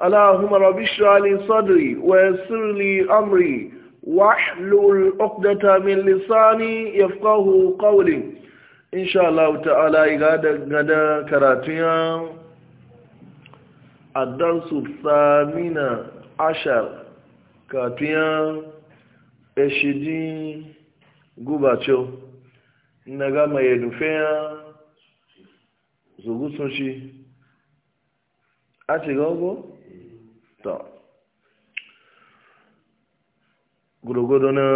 اللهم رب اشرح لي صدري ويسر لي امري واحلل عقدة من لساني يفقه قولي ان شاء الله تعالى غدا غدا كراتيا الدرس الثامن عشر كاتيا اشدين غباتشو naga mai yadufeya zugutsun shi a ta gurgudu na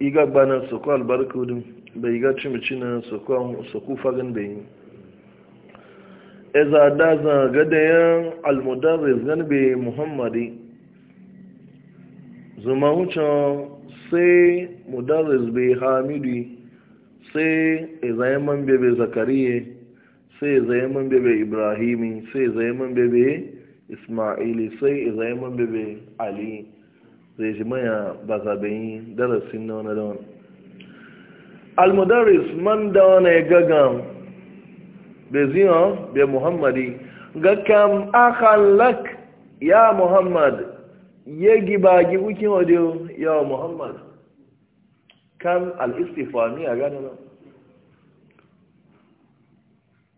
igagba na soko albarkudin bai ga cimici na soko fagen da yi eza daza gadayen almudarris ganbe muhammadi zuma wucin sai mudarris bai hamidu sai ezayen bebe zakariye sai ezayen bebe ibrahimi sai ezayen bebe ismaili sai izaiman bebe ali zai ji maya ba zaɓayin darasin na wani da almudaris man da wani gagam bai ziyan muhammadi ga kam akhalak ya muhammad ya gibagi wikin wadiyo ya muhammad kan al-istifami a ganin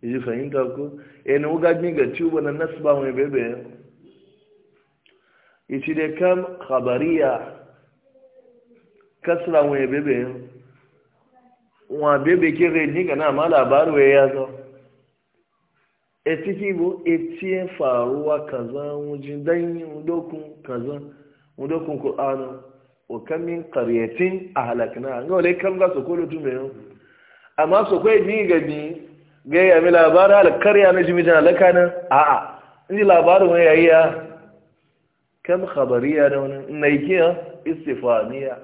ji fahimta ko yana eh, wugajin ga tuba na nasba mai bebe ici dai kam khabariya kasra mai bebe wa bebe ke rejin ga na ma labaru ya zo e ciki bu etiye faruwa kaza wujin danyin dokun kaza wudokun kur'anu wa kam min qaryatin ahlakna ngole kam ga sokolo tumeyo amma sokoi ni gabi gaya mi labarin halakar ya na jimijin halaka a a'a inji labarin wani yayiya ya kam khabariya da wani naikiya istifaniya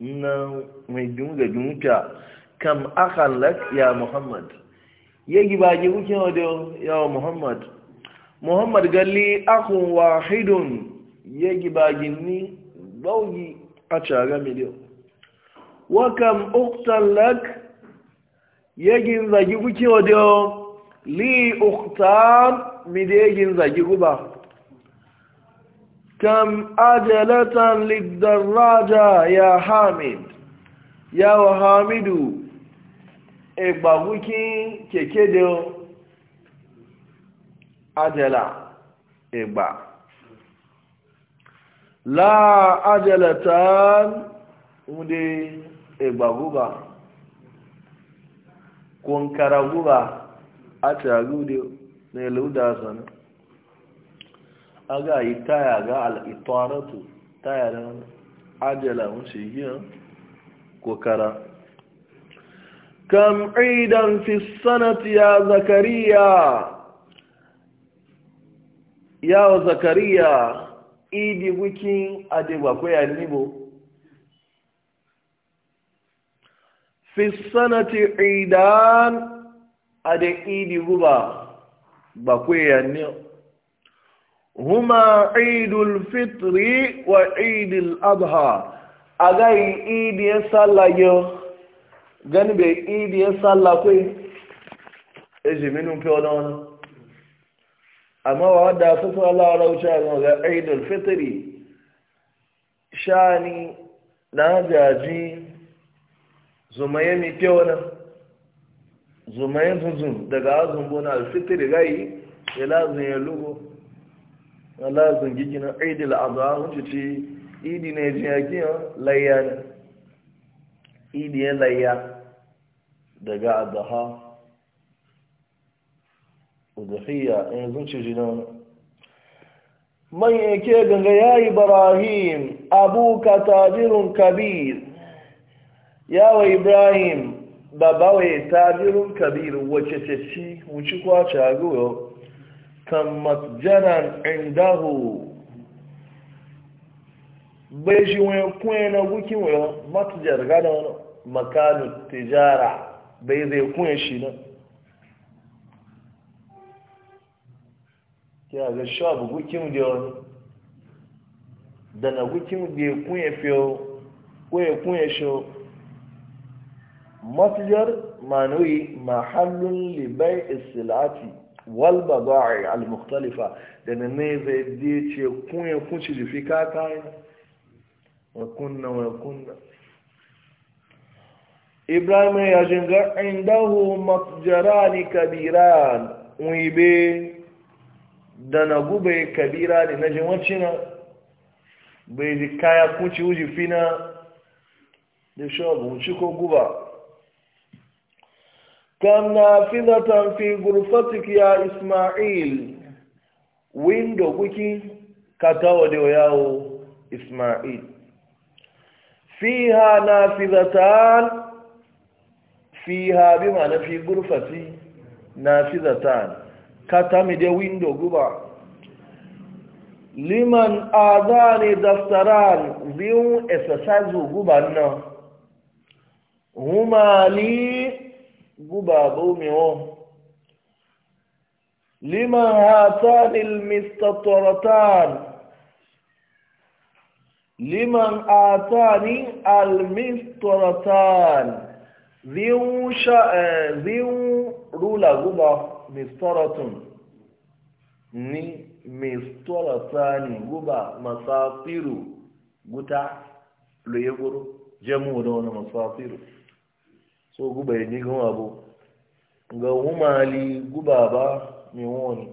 na mai dunga dunka kam akhalak ya muhammad yagi ba gi kuke wa da ya muhammad muhammad galli akhun wahidun yagi ba ni baugi a caga miliyo wa kam lak. yegin zagi kuke wa diyo li uktar mi da yegin zagi guba kam ajalatan lidarraja ya hamid ya wa hamidu egba keke o ajala egba la ajalatan de egba ba. konkara guba a taru da na lauda sana a ga yi taya ga al'itaratu taya da ajala wuce ko kokara kam idan fi sanati ya zakariya ya zakariya idi wikin adegbakwai ya nibo fi sanati idan a da idi guba ba kwaya ne huma idul fitri wa idul Abha. a gai idiyar sallayo gani bai idiyar sallakwai ejiminin fiye wani amma wa wadda su fi Allah wa wuce a ga idul fitri shani na jaji zumaye mai kyau nan zumaye zuzun daga azun bona alfitri gayi ya lazun ya lugo na lazun gigi na idil azha wuce ce idi na yajin yakin layya ne idi ya layya daga adaha udhiya in eh, zunci jinan man yake ganga ya ibrahim abuka tajirun kabir Yawo ibrahim baba wai tabirin kabiru wace ceci wuci kwace a goyo kan matjanan indahu bai shi wani kuwa na gukin wani matujar gada wani makanu tijara bai zai kuwa shi na ya ga shabu gukin da wani da na gukin da ya kuwa fiye kuwa kuwa shi متجر معنوي محل لبيع السلعات والبضائع المختلفة لأن نيفي دي تكون يكون في كاكاين وكنا وكنا إبراهيم يا جنجا عنده متجران كبيران ويبي دنغوبة كبيران نجمتنا بيدي كايا كونشي وجي فينا da shagun ciko كم نافذة fi غرفتك يا إسماعيل windo kuki katawa da yawo Ismail fiha nafizatan fiha bima na fi gurfati nafizatan katami da windo guba liman adani daftaran zin exercise guba nan huma guba bumiwo liman hatani almistataratan liman atani almistaratan zin sha eh, zin rula guba mistaratun ni mistaratani guba masafiru guta luyeguru jamu da wani masafiru so guba ya ji gan abu ga umali guba ba mai wani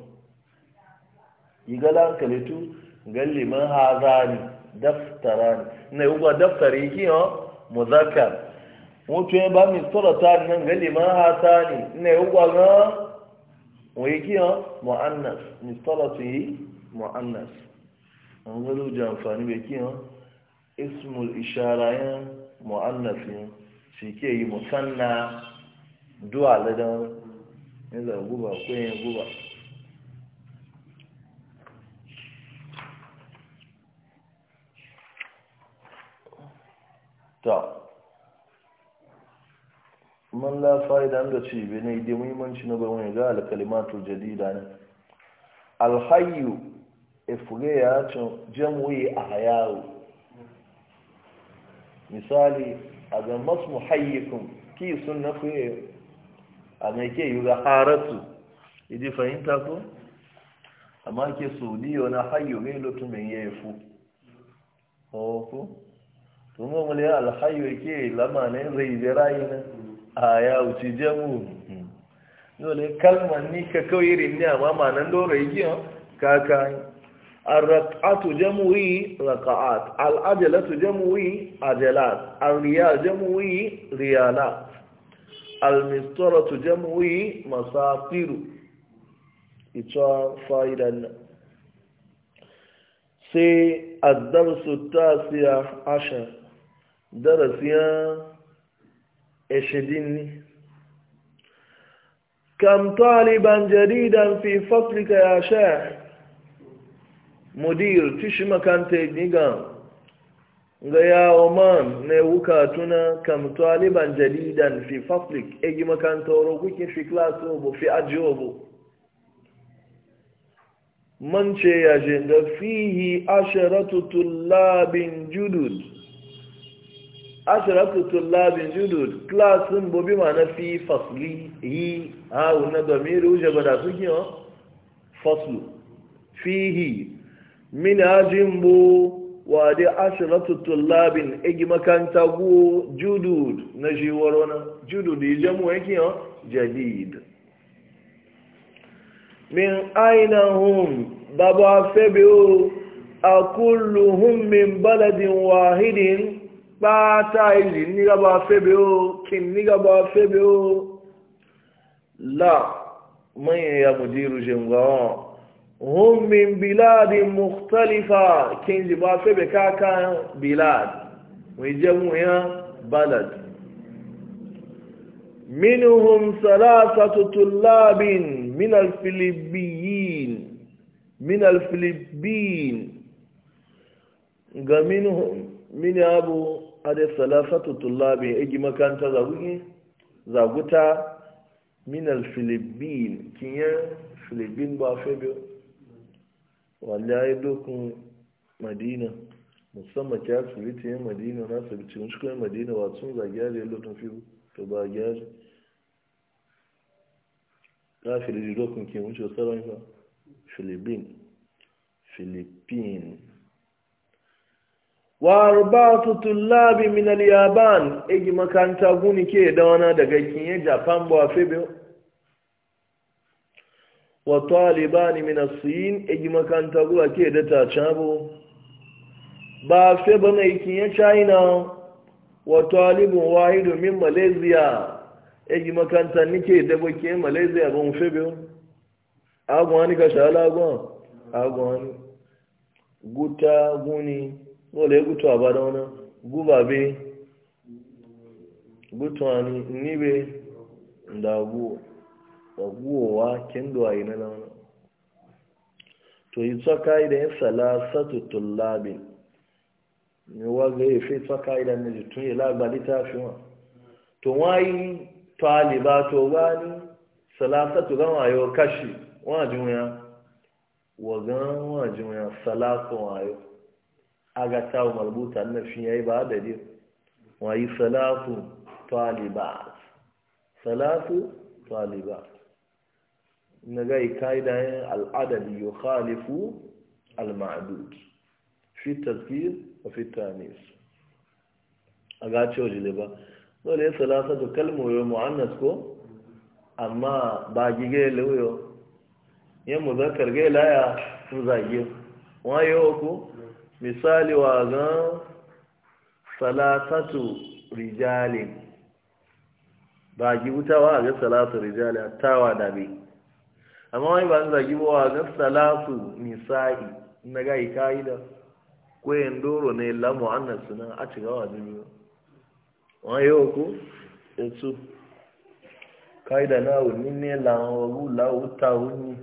igala kalitu galli man hazani daftarani na yugo daftari kiyo muzakkar mutu ya ba mi tsorata nan galli man hasani na yugo ga wai kiyo muannas mi tsorati muannas an galu ji amfani bai kiyo ismul isharayen muannasin shi ke yi musanna duwa ladan yanzu guba ko yin guba ta man la fa'ida da ci bi ne da muhimmanci na bawai ga al-kalimatu jadida ne al-hayyu ifriya a ahyawu misali a ga masu hayyikun ki sun na fiye a mai ke yi ga haratu idi fahimta ko amma ke so diyo na hayyo gai lotu mai ya fu ko to mu mu ya alhayyo ke lama ne zai je rayi na a ya uci jamu dole kalmar ni ka kawai irin ne amma ma nan dora yi kaka الركعة جموي ركعات العجلة جموي عجلات الريال جموي ريالات المسطرة جموي مساطير إتوا فائدا سي الدرس التاسع عشر درس يا إشديني كم طالبا جديدا في فصلك يا شيخ mudir tishi makanta diga ga ya oman na wuka tuna kam taliban jadidan fi faflik egi makanta oro kuke fi class obu fi aji obu man ce ya je fihi asharatu labin judud asharatu judud classin bobi ma na fi fasli yi ha na domin ruje ba da suke faslu fihi mini ajin bu wade ashiratu tullabin igi makanta go judud na shi warona judud yi jamu yake yan jadid min aina hum babu afebe o a kulluhum min baladin wahidin pata izi ni babu afebe o kin ni babu afebe o la manyan ya mudiru jengawa هم من بلاد مختلفة كين جبافة بكاكا بلاد يا بلد منهم ثلاثة طلاب من الفلبيين من الفلبيين منهم من أبو هذه ثلاثة طلاب يجي مكان تزاوجي زاوجتا من الفلبين كيان فلبين بافي بيو ya yi dokun madina musamman ki asibiti yin madina na asibiti wani cikin madina ba sun zagi yare ya lotun fi to ba gyari ta filiji dokun ke wuce tsaron ka filibin filipin wa arbatu tullabi min al-yaban igi makanta guni ke da wani daga kinye japan ba febe wa talibani min as-sin eji makanta guba ke da ta chabo ba fe ba mai china wa talibun wahidun min malaysia eji makanta nike da bake malaysia ban fe biyo agwani ka shala agwan agwani guta guni wala gutu abada wana gubabe gutwani nibe ndaguwa waguwa kinduwa yi na launa to yi idan ya yin salasatu tullabi ne waga ya fi tsaka idan na tun ya lagbali ta fi wa to wayi taliba to gani salasatu gan wayo kashi wajin ya wagan wajin ya salasu wayo ga ta marbuta na fi yayi ba da dai wayi salasu taliba salasu taliba na gai ka'ida yin al'adar yi khalifu al-ma'adud fi tazkir wa fi tanis a gace wa jiliba dole ya salasa da kalmoyo mu'annas ko amma ba gige lauyo yin muzakar gai laya sun zage wayo ku misali wa gan salasatu rijalin ba gi wutawa a ga salatu rijalin tawa dabi amma wani ba zagi ba ga salatu nisa'i na ga ikaida ko yin doro ne la mu'annas sunan a ciga wa zubi wa yau ko etu kaida na wuni ne la wu la uta wuni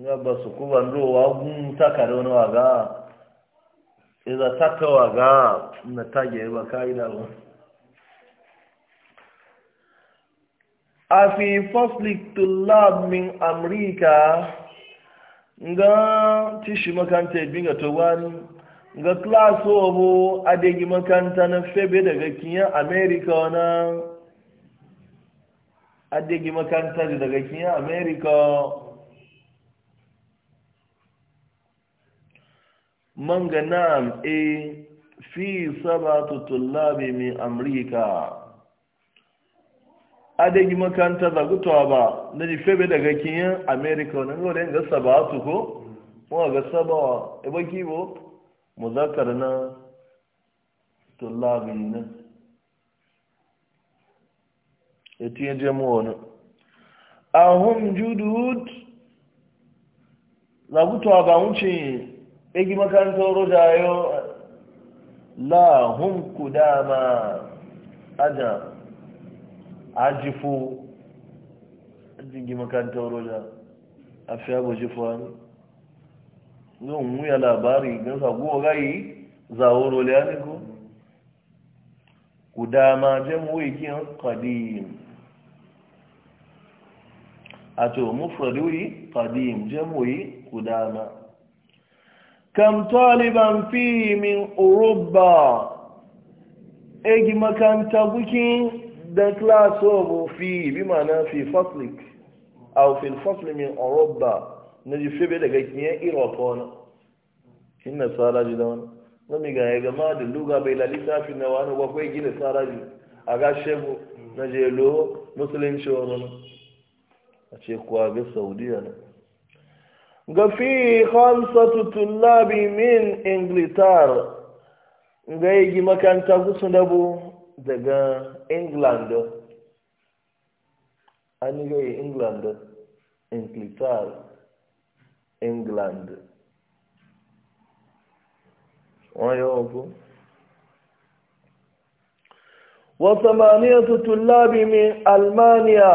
nga ba su ko ban do wa gun takaro na wa ga iza takawa ga na tage ba kaida ba afi faslik tullab min amrika nga tishi makanta ya binga to wani nga klas obo adegi makanta na febe daga kiyan amerika na adegi makanta daga kiyan amerika manga na'am e fi saba tullabi min amrika adagi makaranta zagutowa ba na ji febe daga kinyan america wani gole ga saba su ko mawa ga saba wa eba kibo muzakar na tullabi na ya je jemo wani ahun judud zagutowa ba wuce egi makaranta roja yau la hun kudama adam ajifu jingi makaranta roja a fiya jifu wani zan muya labari gan saguwa gai zawo roliya ne ko ku dama jamuwa ikin kadim a to mufradui kadim jamuwa ku dama kam taliban fi min uruba egi makaranta bukin dan kíláàsì ọ̀bù fi ìbí màá fi fọ́sìlìk àwòfin fọ́sìlìmì ọ̀rọ̀ bà níbi fẹ́bẹ̀ dàgà kìíyàn ìrọ̀ kọ́ ọ́nà kona. nà sára jù dáwọn na mi ga ya ma da luga bai lalita fi na wani wakwai gina sára jù a ga shebu na jelo musulunci wani a ce kuwa ga saudiya na ga fi khamsatu tullabi min inglitar ga yi makanta kusa da bu daga england an yi england inglaterra england wọ́n yọ ọgbọ́n wasamaniya tullabi min almaniya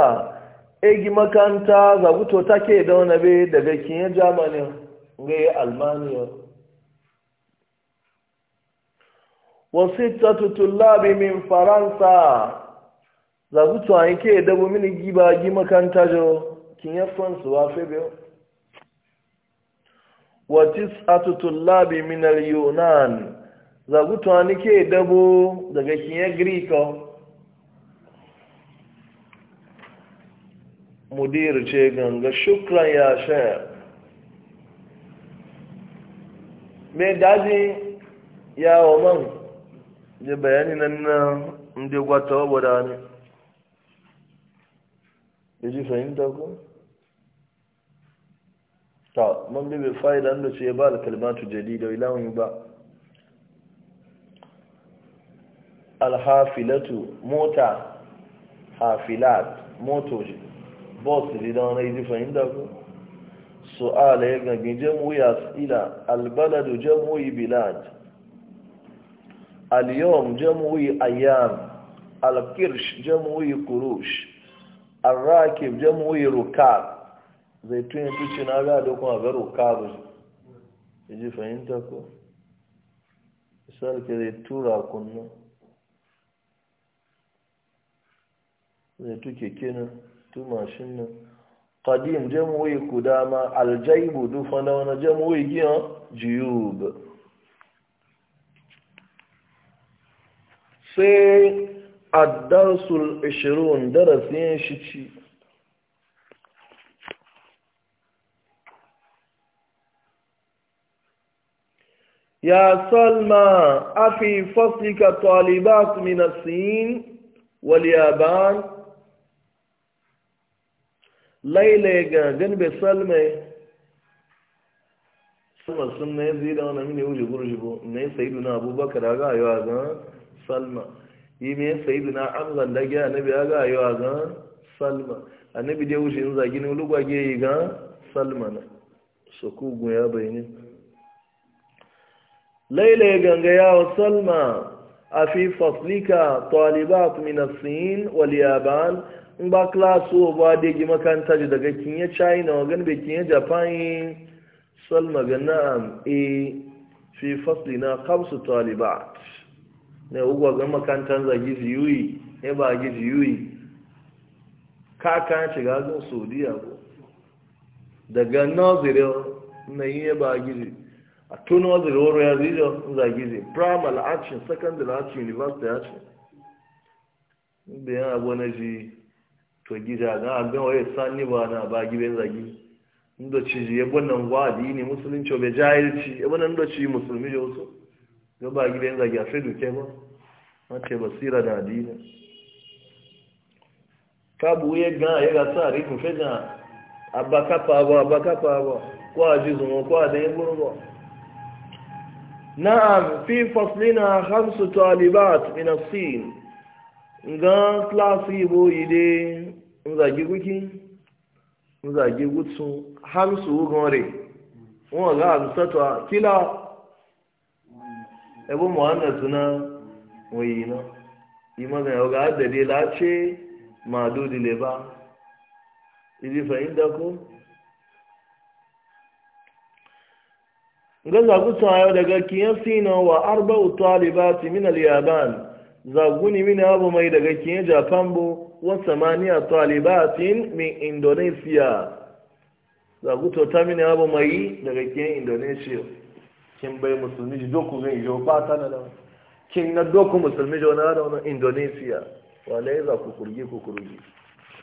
egi makanta zaguto take da wani daga kinye germany ga almaniya wasittatu tullabi min faransa za ku to an ke dabo mini giba gi makanta jo kin ya france wa febe wa tis'atu tullabi min al-yunan za ku to an ke dabo daga kin ya greeko mudir ce ganga shukran ya shayar me daji yawon man da bayani nan na ndị gwata obodo anyị eji fahimta ko ta man bebe fa'ida da su ya ba alkalmatu jadida ilahun ba alhafilatu mota hafilat motoji bus da wani eji fahimta ko su'ala ya gangin jamhuriyar ila albaladu jamhuriyar bilad اليوم جمعي أيام الكرش جمعي كروش الراكب جمعي ركاب zai tun yi zai tura kunnu zai tuke kenan tu mashin nan qadim jam'u kudama aljaibu giyan sai addarsul 20 darasi shi ci ya salma a fi fasika talibat minasin waliyaban laila ga ganbe salma salma sun na ya zira wani ne wuce-wuce ne sai abubakar a ga yawa salma yi me sayidu na an da gya annabi ya ga yawa ga salma annabi dai wuce in zagi ne lugwage yi ga salma na so ku bai bayani laila ya ganga yawa salma a fi faslika talibat min as-sin wal yaban in ba class ba da gi makanta daga kinya china wa gan be kinya japan salma ga na'am e fi faslina khamsu talibat ne ugwa ga makantan zagi ziyuyi ne ba gi ziyuyi ka kan shiga zan saudiya ko daga nazire na yi ne ba gi a tun nazire wuri ya zijo zagi zi primal action secondary action university action da yana abu na ji to gida na abin waye sani ba na ba gi gibe zagi inda ci ji yabon nan wadi ne musulunci obe jahilci yabon nan da ci musulmi da wasu gaba gida yin zagi a fi duke ba wace basira da adina kabu ya gan ya ga sa rikin na abakapa ba abakapa ba ko a ji zuwa ko a da yin gurba na'am fi faslina hamsu talibat min as-sin ga klasi bo ide zagi guki zagi gutsu hamsu gore wọn ga amsatwa kila ebe muhammad suna yi na yi magana ga adade lace ma dodile ba iji fahimta ko ga zagutu a daga kiyan sina wa arba'u talibati min al-yaban zaguni min abu mai daga kiyan japan bo wa samaniya talibatin min indonesia zagutu ta min abu mai daga kiyan indonesia kin bai musulmi ji doku zai yi ba ta na dawo kin na doku musulmi ji wani da wani indonesia wale ya za ku kurgi ku kurgi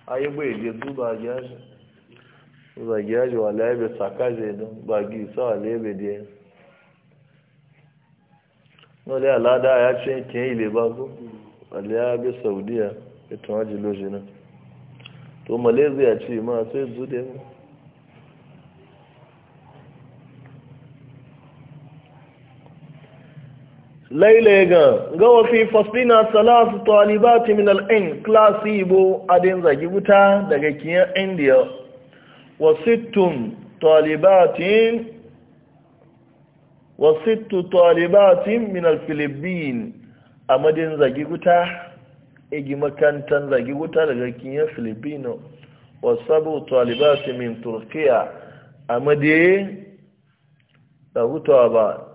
a yi bai je du ba gyaji ba gyaji wale ya bai saka je don ba gi sa wale ya bai je wale alada ya ce kin yi le ba ko wale ya bai saudiya ita waje lojina to malaysia ce ma sai zude mu laile ga gawa fi fasina salasu talibati min al'in klasi ibo adin zagi wuta daga kiyan indiya wa sittun talibatin wa sittu talibatin min al-filibin a madin zagi wuta igi makantan zagi wuta daga kiyan filipino wa sabu talibatin min turkiya a madin da hutawa ba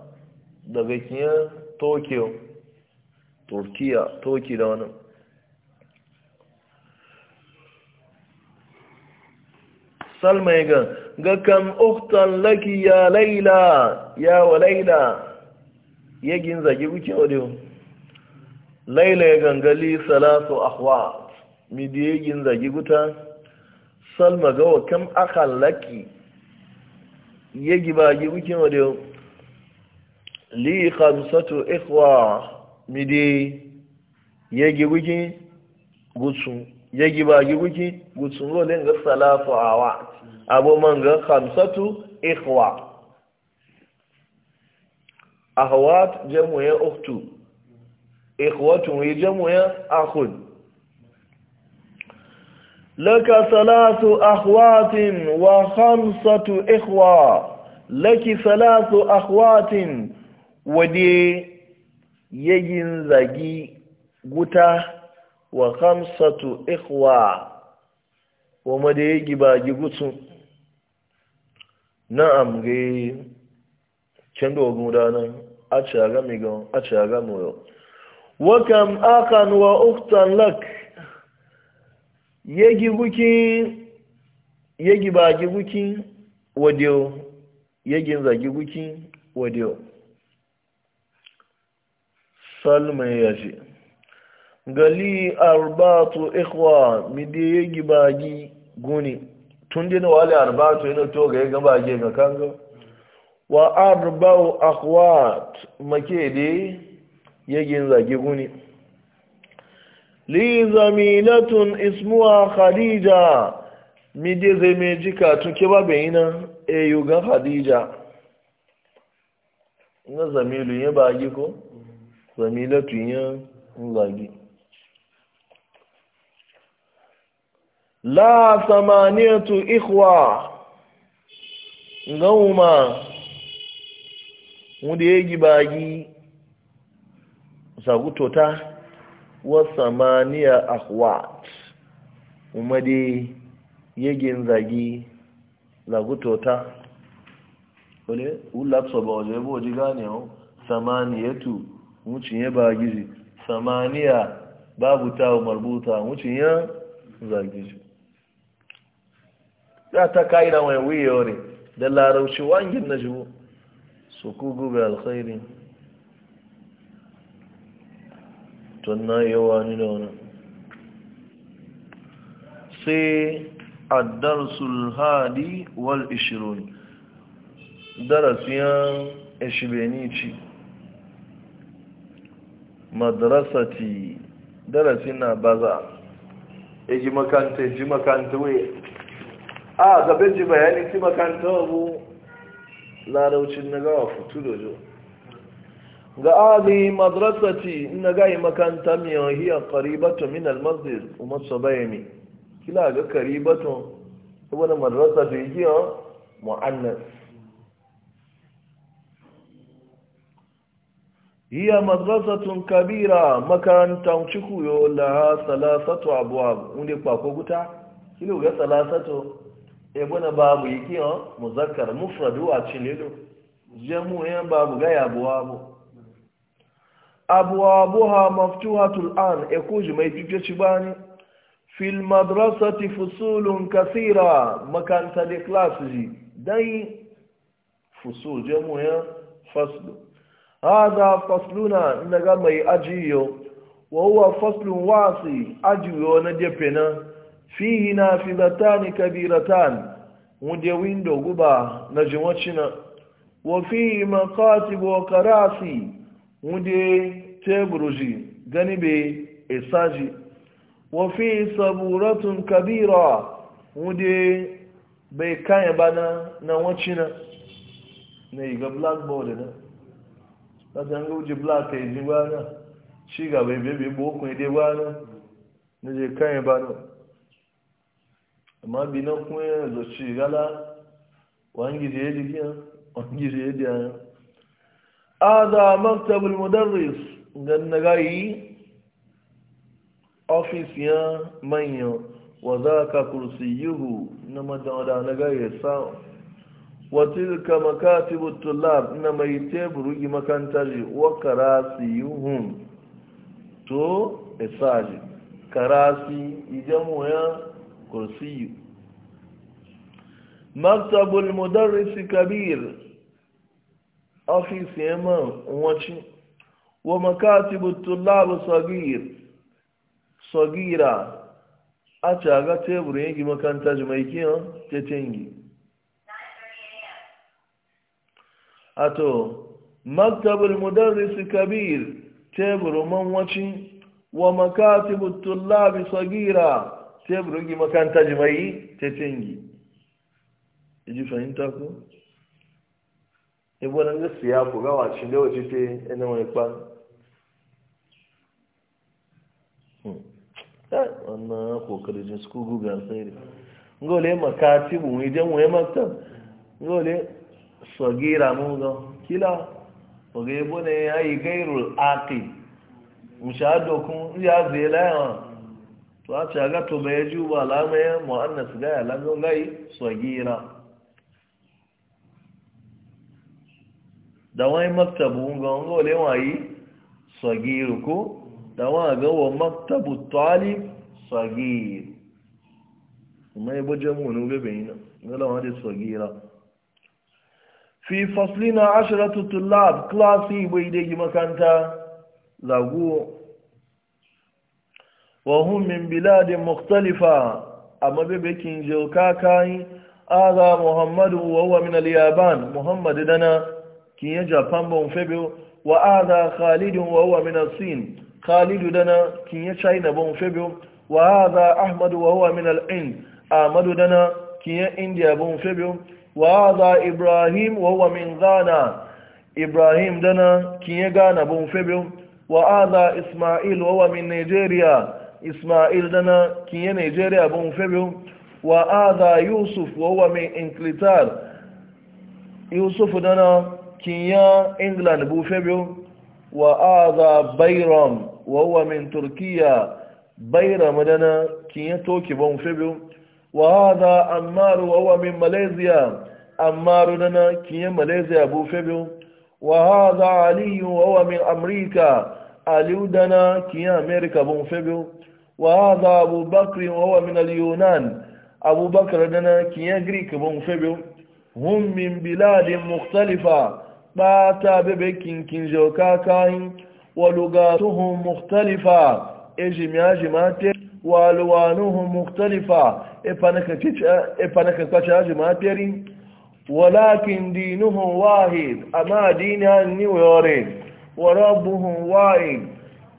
daga kiyan tokyo turkiya toki da wani salma ya ga kam uktan laki ya laila ya wa laila ya gin zagi buke wadda laila ya gangali salatu ahwa midi ya gin zagi ta. salma ga wa kam akan laki ya giba gi buke wadda li khamsatu ikhwa midi yegi wiki gutsu yegi ba gi wiki gutsu ro le ngar salafu awa abo manga khamsatu ikhwa ahwat jamu ya ukhtu ikhwatu jamu ya akhun لك ثلاث أخوات وخمسة إخوة لك ثلاث أخوات wade yayin zagi guta wa kamsatu ikwa wa made yagi bagi gutsu na'am ga can dogon ranar a ci a gami gan a ci a gami yau wakam akan wa uktan lak yagi guki yagi bagi guki wadiyo yagin zagi guki wadiyo salma ya ce gali arbatu ikhwa midi ya gibagi guni tun dina wale arbatu yana to ga ya gabage ga kanga wa arba'u akwat make de yagin zage guni li zamilatun ismuha khadija midi zai me jika tun ke ba bayina e yugan khadija na Zamilu ya bagi ko Sami zamilatu yin zagi la samaniyatu ikhwa ngauma wanda ya gibagi sagutota wa samaniya akhwat umade yegin zagi zagutota wale ulapso ba waje bo ji gane o samaniyatu wucin ya ba gizi samaniya babu tawo marbuta wucin ya zargiji ya ta ka'ida mai wuyewa ne da larauci wangin na jibo su ku gube alkhairi tun na yawa ni da wani sai addarsul hadi wal ishirun darasiyan ci. madrasati darasin na baza ya e ji makanta ya ji makanta wai a gaban ji bayani ti makanta abu laraucin na gawa fito dojo ga abi madrasati na gai makanta miyan hiya karibatu min almasjid umar sabayami kila ga karibatu wani madrasati yi mu'annas hiya madrasatun kabira makarantar ciku yau laha salasatu abuwa wunde kwakwa guta kilo ga salasatu ebona babu yake yan muzakkar mufradu a cililu jamu yan babu ga yabuwa abu abwabuha maftuhatul an ekuji mai fifiye ci bani fil madrasati fusulun kasira makanta da class ji dai fusul jamu yan faslu hada fasluna naga mai ajiyo wa huwa faslun wasi ajiyo na jefena fihi Kabira kabiratan wunde windo guba na jimocina wa fihi maqatibu wa karasi wunde teburuji ganibe esaji wa fihi saburatun kabira wunde bai kanya bana na wacina na iga sassan gauji black ya ji gwana shi ga bai bebe bokun ya dai gwana na je kan bano amma bi na kuma ya zo ci gala wangi je ji kiyan wangi je ji ofis ya manyan wa za ka kursi yihu na madan na ya watilka makatibu tulab na mai teburu gi makantaji wa karasiyuhum to esaji karasi ijamu ya kursiyu maktabul mudarrisi kabir ofis yamma wacin wa makatibu tulab sagira a caga teburu yanki makantaji mai kiyan tetengi ato maktabul mudarris kabir teburu manwaci wa makatibu tullabi sagira teburu gi makanta jimai ta cingi ji fahimta ko ibo nan gasu ya ku gawa cin da wace te ina hmm. wani kwa wannan kokari jin su kugu ga alkhairi ngole makatibu maktab ngole sagira mungo kila oge bone ayi gairul aqi mushado kun ya zela ya to a ce ga to bai ju ba alama ya muannas ga ya lamu gai sagira da wani maktabu ga ngo le yi sagiru ko da a ga wa maktabu talib sagir mai boje mu no bebe ina ngala wa de sagira في فصلنا عشرة طلاب كلاسي بيدي مكانتا لغو وهم من بلاد مختلفة أما ببكين كاكاي آغا محمد وهو من اليابان محمد دنا كي يجا بامبون فيبو وآغا خالد وهو من الصين خالد دنا كي يجا نبون فيبو وآغا أحمد وهو من الإن آمد دنا كي يجا إنديا بون فيبو wa'ada ibrahim wa huwa min zana ibrahim dana kinye gana bun febe wa'ada isma'il wa huwa min nigeria isma'il dana kinye nigeria bun febe wa'ada yusuf wa huwa min inklitar yusuf dana kinye england bun febe wa'ada bayram wa huwa min turkiya bayram dana kinye toki bun febe وهذا عمار وهو من ماليزيا عمار لنا كي ماليزيا أبو فبيو وهذا علي وهو من أمريكا علي لنا كي أمريكا أبو فبيو وهذا أبو بكر وهو من اليونان أبو بكر لنا كي غريك أبو فبيو هم من بلاد مختلفة باتا ببكين كنجوكا كاين ولغاتهم مختلفة إجمع جماتي والوانهم مختلفة إفنك افنك ما تري ولكن دينهم واحد أما دينها نيويوري وربهم واحد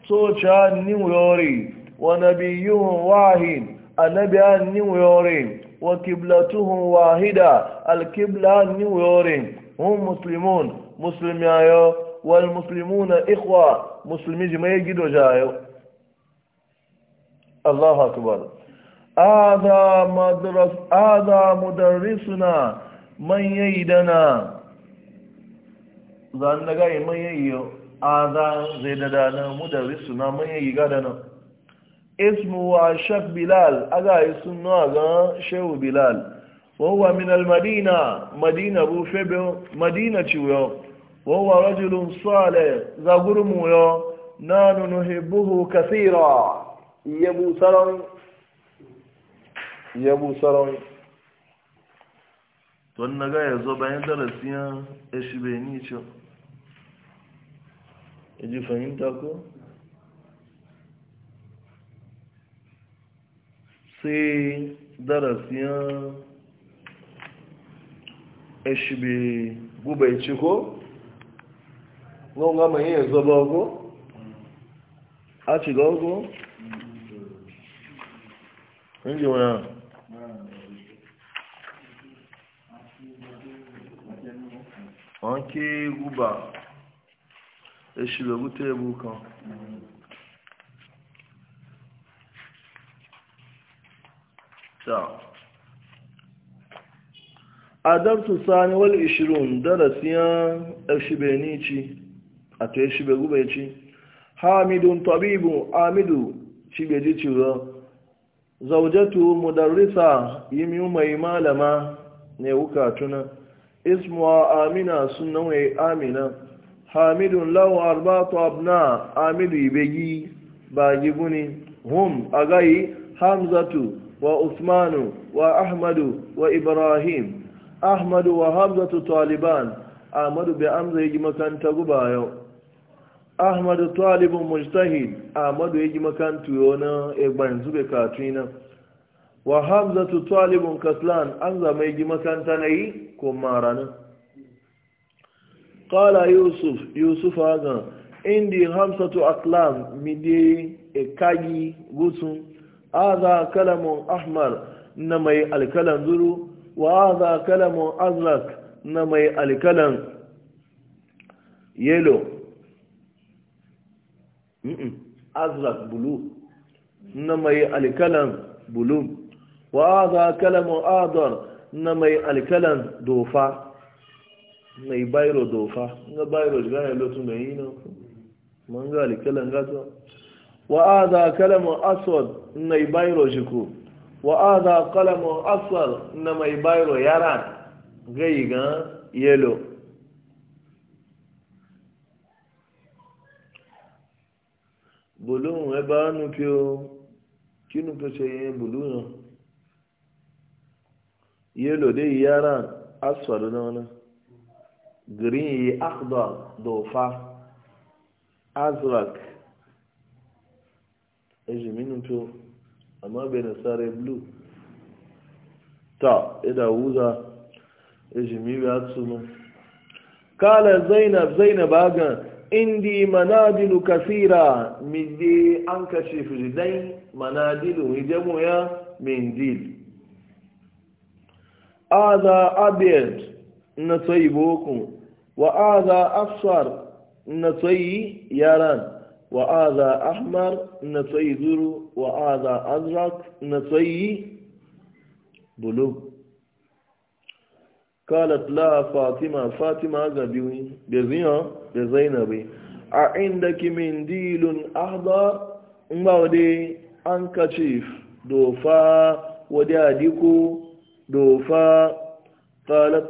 توشا نيويوري ونبيهم واحد النبي نيويوري وكبلتهم واحدة الكبلة نيويوري هم مسلمون مسلمين والمسلمون إخوة مسلمين ما يجدوا جايو Allahu akbar ada madras mudarrisuna man yaidana zan daga man yayyo ada zai dada na mudarrisuna man ismu wa bilal aga ismu aga shehu bilal وهو من المدينة مدينة بوفيبو مدينة تشويو وهو رجل صالح زغرمو نحن yabu saron yabu saron tun na ga yanzu bayan darasi ya shi bai ni ce ya ji fahimta ko sai darasi ya shi bai gubai ci ko ngon mai yanzu ba ko a ci ga ko Enje wana. Anke guba. Eşi ve bu tebukan. Ta. Adamtu sani wal ishirun darasiyan eşibenici. Ato eşibe gubeci. Hamidun tabibu amidu. Şibe diciyor. zaujatu mudarrisa yimi mai malama ne wuka tuna ismuwa amina sunan wai amina hamidun lawo arbatu abna amidu ibegi ba gibuni hum agayi hamzatu wa usmanu wa ahmadu wa ibrahim ahmadu wa hamzatu taliban ahmadu bai amza yi makanta guba yau ahmadu talibin mujtahid ahmadu ya ji makantu wani egban zube katrina wa hamzatu talibin kaslan an zama ya ji makanta na yi ko marana Kala yusuf yusuf hagan indi hamsatu atlam mide ekagi gutsun aza kalamun ahmar na mai alkalan zuru wa aza kalamun azrak na mai alkalan yelo. azrak bulu na mai alkalan bulu wa za kalamun adar na mai alkalan dofa mai bayro dofa na bayro gane lotu da yi na man ga alkalan gasa wa aza kalamun aswad na bayro shiku wa aza kalamun aswad na mai bayro yaran gai gan yelo bùlùn ẹ bá nu pé o kí nu pé ṣe yẹn bùlùn yàn yé lòdì yàrá asfàdù náà náà green yìí akhdar dọ̀fà azrak ẹ̀jẹ̀ mi nu amma bene sare bẹ̀rẹ̀ blue ta ẹ̀dà wúzà ẹ̀jẹ̀ mi bá túmọ̀ kala zainab zainab agan. indi manadilu kasira midi an kashe firidai manadilu ijamu ya mindil aza abiyar na tsayi boko wa aza afsar na tsayi yaran wa aza ahmar na tsayi zuru wa aza azrak na tsayi bulu kala tilawa fatima da zainabu a inda ki min di da hankachif da wuƙa wani a diko ta wani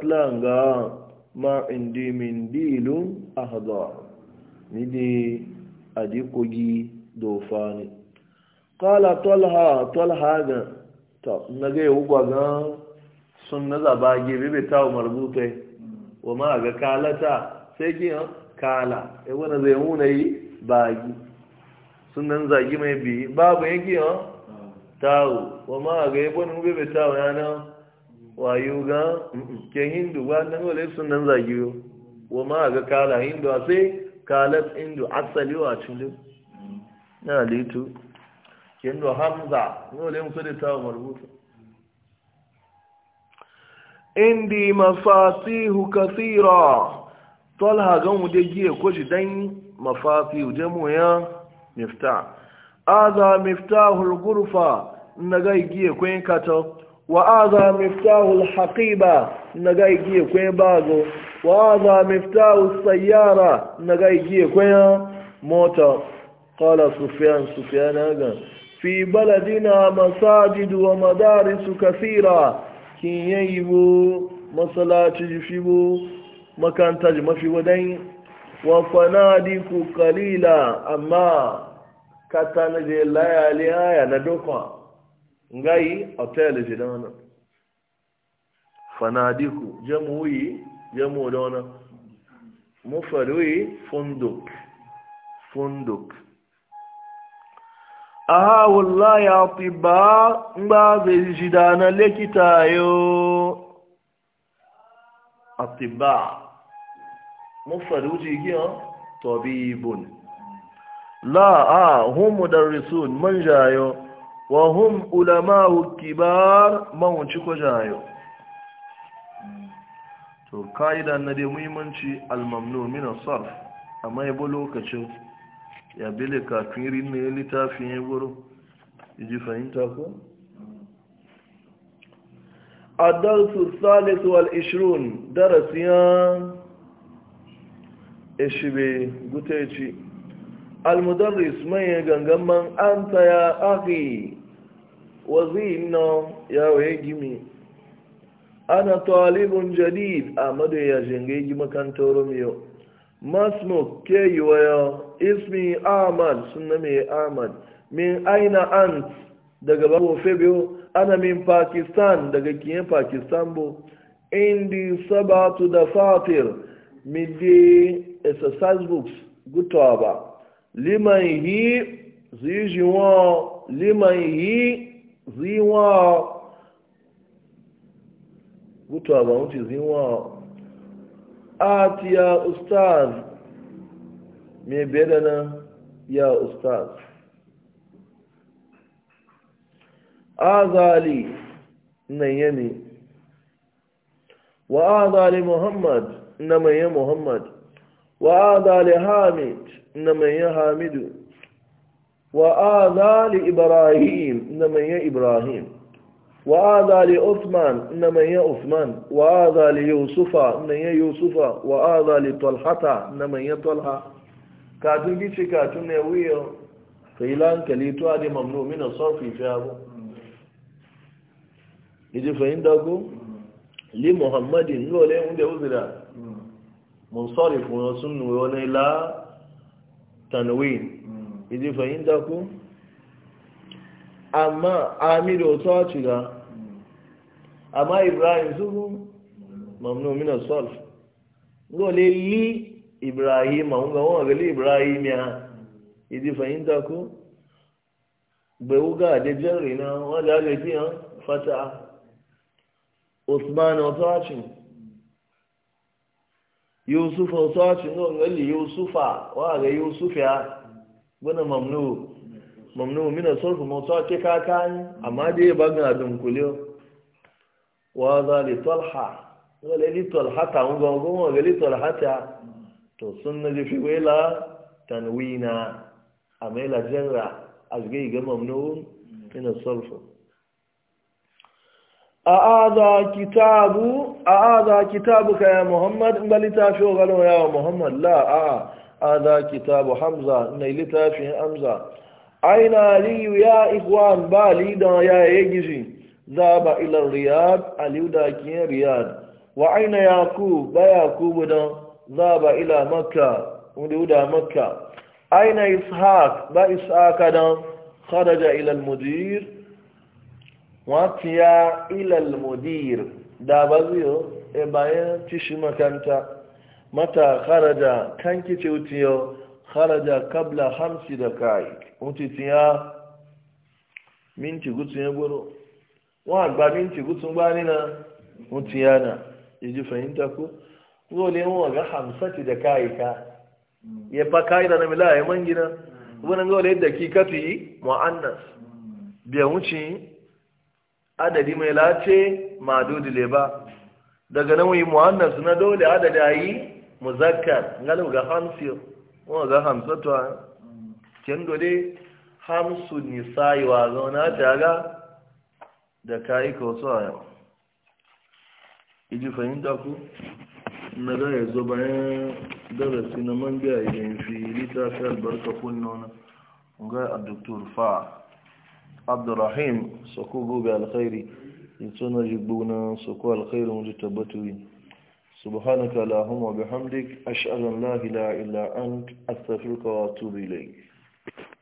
a wani ta wani ta wani ta wani ta wani ta wani ta wani ta wani ta wani ta wani ta wani ta wani ta wani ta wani ta wani ta wani ta wani sun na zaba gebe bai tawo marbuta wa ma ga kalata sai ki yan kala e wani zai muna yi bagi sun nan zagi mai biyi babu yake yan tawo wa ma ga yi wani bai bai tawo ya nan wayo ga ke hindu ba nan wale sun nan zagi yo wa ma ga kala hindu a sai kalat hindu asali wa cilu na litu ke hindu hamza wale musu da tawo marbuta indi mafasihu kathira talha gan mu giye ko shi dan mafasihu je mu ya mifta aza miftahu alghurfa naga ga giye ko yin kato wa aza miftahu alhaqiba naga ga giye ko yin bago wa aza miftahu sayyara naga ga giye ko yin mota qala sufyan sufyan ga fi baladina masajidu wa madarisu kathira kin yayi bu masalaci jifi bu makanta ji mafi wadai wa fanadi ku kalila amma kata na je layali aya na dokwa ngai hotel je da wannan fanadiku jamuyi jamu da wannan mufaruyi funduk funduk aha wallahi ya fi ba ba zai ji na likita yau atiba mufari wuce giyan tabibun la a hun mudarrisun man jayo wa hun ulama'u kibar mawunci ko jayo to ka'ida na dai muhimmanci almamnu min sarf amma yabo lokacin ya bele kafin irin ne littafin ya wuri iji fahimta ko? a darsu salisu al'ishirun darasiyan ishibe guteci almudarris mai gangamman an ta ya aki wazin nan yawon gimi ana talibin jadid a madu ya jingai gima kan tauromiyar masmo ke yi waya ismi ahmad suna mai ahmad min aina ant daga babu febio ana min pakistan daga kiyan pakistan bo indi sabatu da fatir midi exercise books gutowa ba liman yi zijiwa liman yi ziwa gutowa ba wuce ziwa Atiya ustaz mai bedana ya ustaz azali na yami wa azali muhammad na maye muhammad wa azali hamid na maye hamidu wa azali ibrahim na maye ibrahim وآذى لأثمان إنما هي عثمان وآذى ليوسفا إنما هي يوسفا وآذى لطلحة إنما هي طلحة كاتون جيتشي كاتون نويو فإلان كليتو هذه ممنوع من الصرف في أبو إذا داكو لمحمد نقول لهم دي وزرا منصرف ونصن ونيلا تنوين إذا فإن داكو أما to ci amma ibrahim zuhu mamnu min as-salf ngo le li ibrahim ngo wa li ibrahim ya idi fahimta ku? bai wuga da jarri na wanda ga fi an fata usman otacin yusuf otacin ngo ngali yusufa wa ga yusufa ya bana mamnu mamnu min as-salf mo ta ke kakan amma dai baga dunkule waza li talha wala li talha ta un gongo wala li talha ta to sunna ji fi wela tanwina amela jarra azge ga mamnun ina sulfu a'adha kitabu a'adha kitabuka ya muhammad bali ta fi galo ya muhammad la a a'adha kitabu hamza ne litafi hamza aina Aliyu ya ikwan bali da ya yi yegizi zaba ilar riyad aliyu da kiyan riyad wa aina yakub ba yakubu don zaba ila makka wanda da makka aina ishaq ba ishaq don kharaja ila almudir watiya ila almudir da ba ziyo e bayan tishi makanta mata kharaja kanki ce utiyo kharaja kabla hamsi da kai utitiya minti gutsun ya goro wọn àgbà binci gutsun ba na? mutiyana ya ji fahimta ko zo ne wọn ga hamsati da kayika ya fa kayida na mila ya man gina wani ga wani yadda kika fi mu'annas biya wuce adadi mai lace ma dole ba daga na nan wani mu'annas na dole adadi a yi muzakkar ngalo ga hamsir wọn ga hamsatuwa kendo dai hamsu nisa'i wa zauna ta ga da ka yi kawasu yau iji fahimta ku na ga ya zo bayan darasi na man biya ta fi albarka kunna wani ga a doktor fa abdurrahim sako gobe alkhairi in suna jibuna na alkhairi wajen tabbatu yi subhanaka lahumma bihamdik ash'alan la ilaha illa ant wa